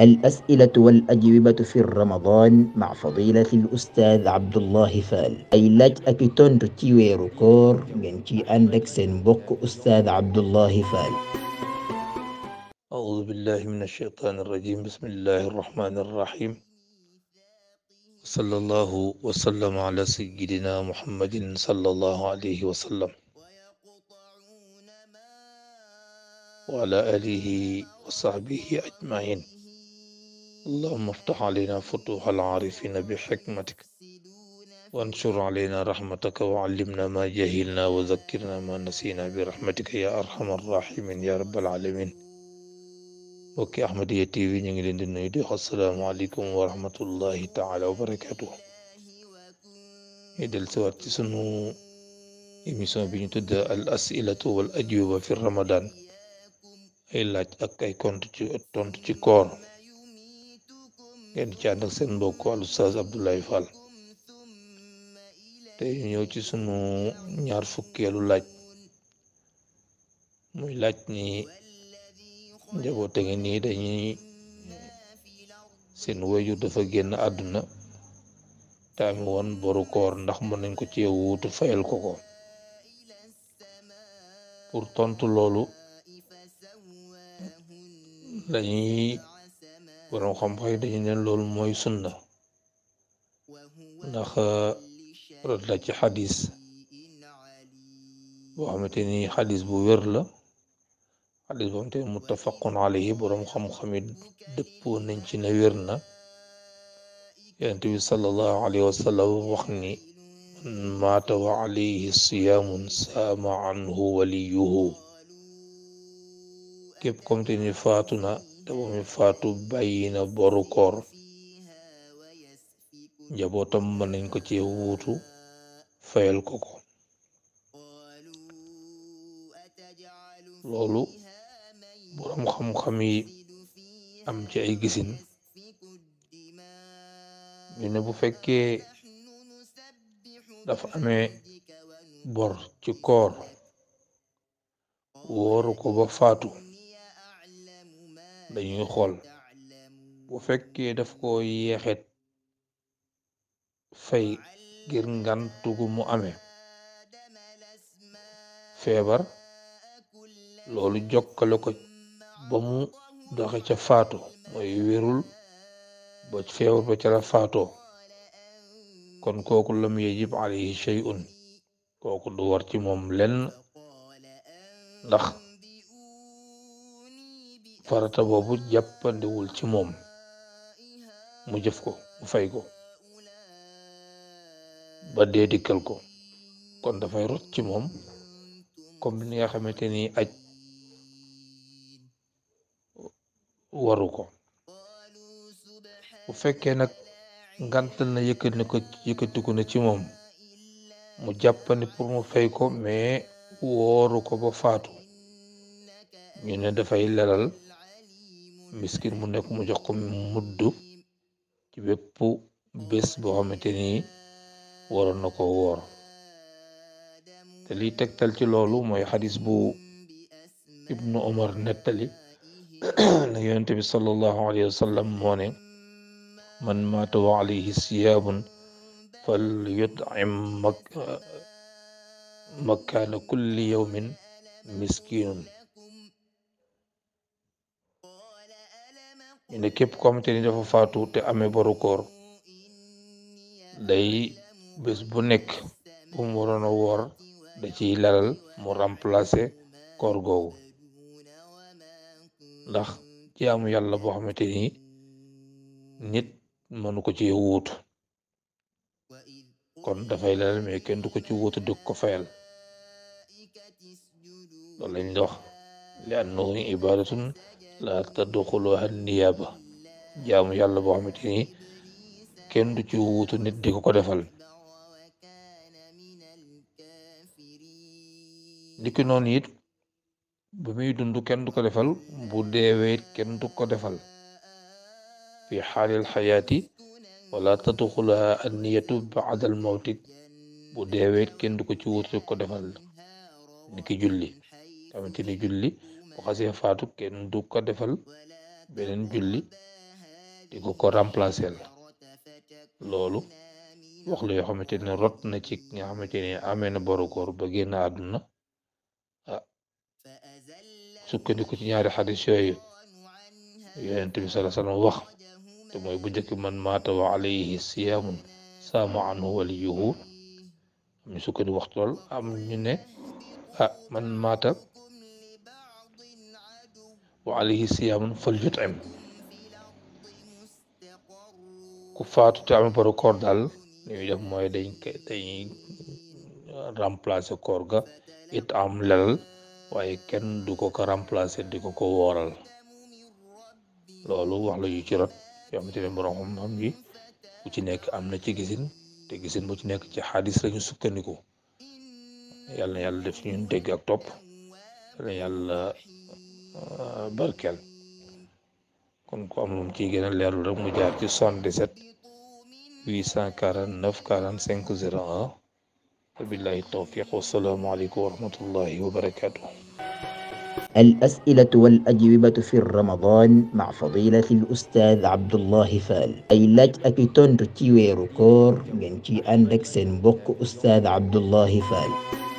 الأسئلة والأجوبة في رمضان مع فضيلة الأستاذ عبد الله فال أي laaj أكتون i tontu ينتي أندك koor أستاذ عبد الله فال أعوذ بالله من الشيطان الرجيم بسم الله الرحمن الرحيم صلى الله وسلم على سيدنا محمد صلى الله عليه وسلم وعلى آله وصحبه أجمعين اللهم افتح علينا فتوح العارفين بحكمتك وانشر علينا رحمتك وعلمنا ما جهلنا وذكرنا ما نسينا برحمتك يا ارحم الراحمين يا رب العالمين أحمد يا تي في نيدي السلام عليكم ورحمة الله تعالى وبركاته ادل السؤال تسنو اميسون بي تدى الاسئلة والاجوبة في رمضان الا اكاي كونت تي ngeen ci ànd ak seen mbokk al Oustaz Abdoulaye Fall tey ñëw ci sunu ñaar fukkeelu laaj muy laaj ni njaboot te ngi nii dañuy seen wayjur dafa génn àdduna taami woon boru ndax mën nañ ko ci wuutu fayal ko ko pour tontu loolu lañuy borom xam-xam yi dañu ne loolu mooy sunna ndax rot la ci xadis boo xamante ni xadis bu wér la xadis boo xamante ni muttafaqun alayhi borom xam-xam yi dëppoo nañ ci ne wér na yonente bi sallallahu alayhi wa sallam wax ni mata wa alayhi siyamun saama anhu waliyuhu képp comme te ni faatu na te moom faatu bàyyi na boru koor njabootam mën ko ci wuutu fayal ko ko loolu boroom xam-xam yi am ci ay gisin ñu ne bu fekkee dafa amee bor ci koor wóoru ko ba faatu dañuy xool bu fekkee daf ko yeexet fay ngir ngantugu mu amee feebar loolu jokkale ko bamu mu ca faatu mooy wérul ba feebar ba ca faato kon kooku lam yajib alayhi shay'un kooku du war ci moom lenn ndax farata boobu jàppandiwul ci moom mu jëf ko mu fay ko ba dee dikkal ko kon dafay rot ci moom comme ni nga xamante ni aj waru ko bu fekkee nag ngantal na yëkkat na yëkkatiku na ci moom mu jàppandi pour mu fay ko mais wooru ko ba faatu ñu ne dafay lelal miskin mu nekk mu jox ko mudd ci bépp bés boo xamante ni waroon na ko woor te liy tegtal ci loolu mooy xadis bu ibnu omar nettali na yonente bi sallallahu alayhi wa sallam moo ne man maata wa alayhi siyaabun fal yutim mak makkaana kulli yawmin miskinun ne képp ko xamante ni dafa faatu te ame boru koor day bés bu nekk bu mu waroon woor da ciy lalal mu remplacer koor googu ndax jaamu yàlla boo xamante ni nit mënu ko ci wuutu kon dafay lalal mais kenn du ko ci wuutu di ko fayal loolu lañ dox liannahu ibadatun la tadxuluha niyaba jaamu yàlla boo xamante ni kenn du ci wuutu nit di ko ko defal dikki noonu it bu muy dund kenn du ko defal bu deewee kenn du ko defal fi xaalil xayaati wala tadxuluha anniyatu baada al bu deewee kenn du ko ci wuutu ko defal niki julli xamante ni julli bu xasee faatu kenn du ko defal beneen julli di ko ko loolu wax la yoo xamante ne rot na ci nga xamante ne amee na boru koor ba génn ah, ci ñaari xadis yooyu yonent bi te mooy bu njëkk man maata wa alayhi siyaamun saama anhu waliyuhu am ñu ne ah man maata wa alayhi siyaamun fal yutim ku faatu te amee paru koor daal li ñuy def mooy dañ koy dañuy remplacer koor ga it am lelal waaye kenn du ko ko remplacer di ko ko wooral loolu wax la yu ci rot yoo xamante ne borom xam yi bu ci nekk am na ci gisin te gisin bu ci nekk ci xaadis lañu sukkandiku yàlla na yàlla def ñun dégg ak topp yàlla barkel kon ko am lu ci gëna leerul rek mu jaar ci 77 849 45 01 وبالله التوفيق والسلام عليكم ورحمة الله وبركاته الأسئلة والأجوبة في رمضان مع فضيلة الأستاذ عبد الله فال أي لاج ويركور من تي عندك بوك أستاذ عبد الله فال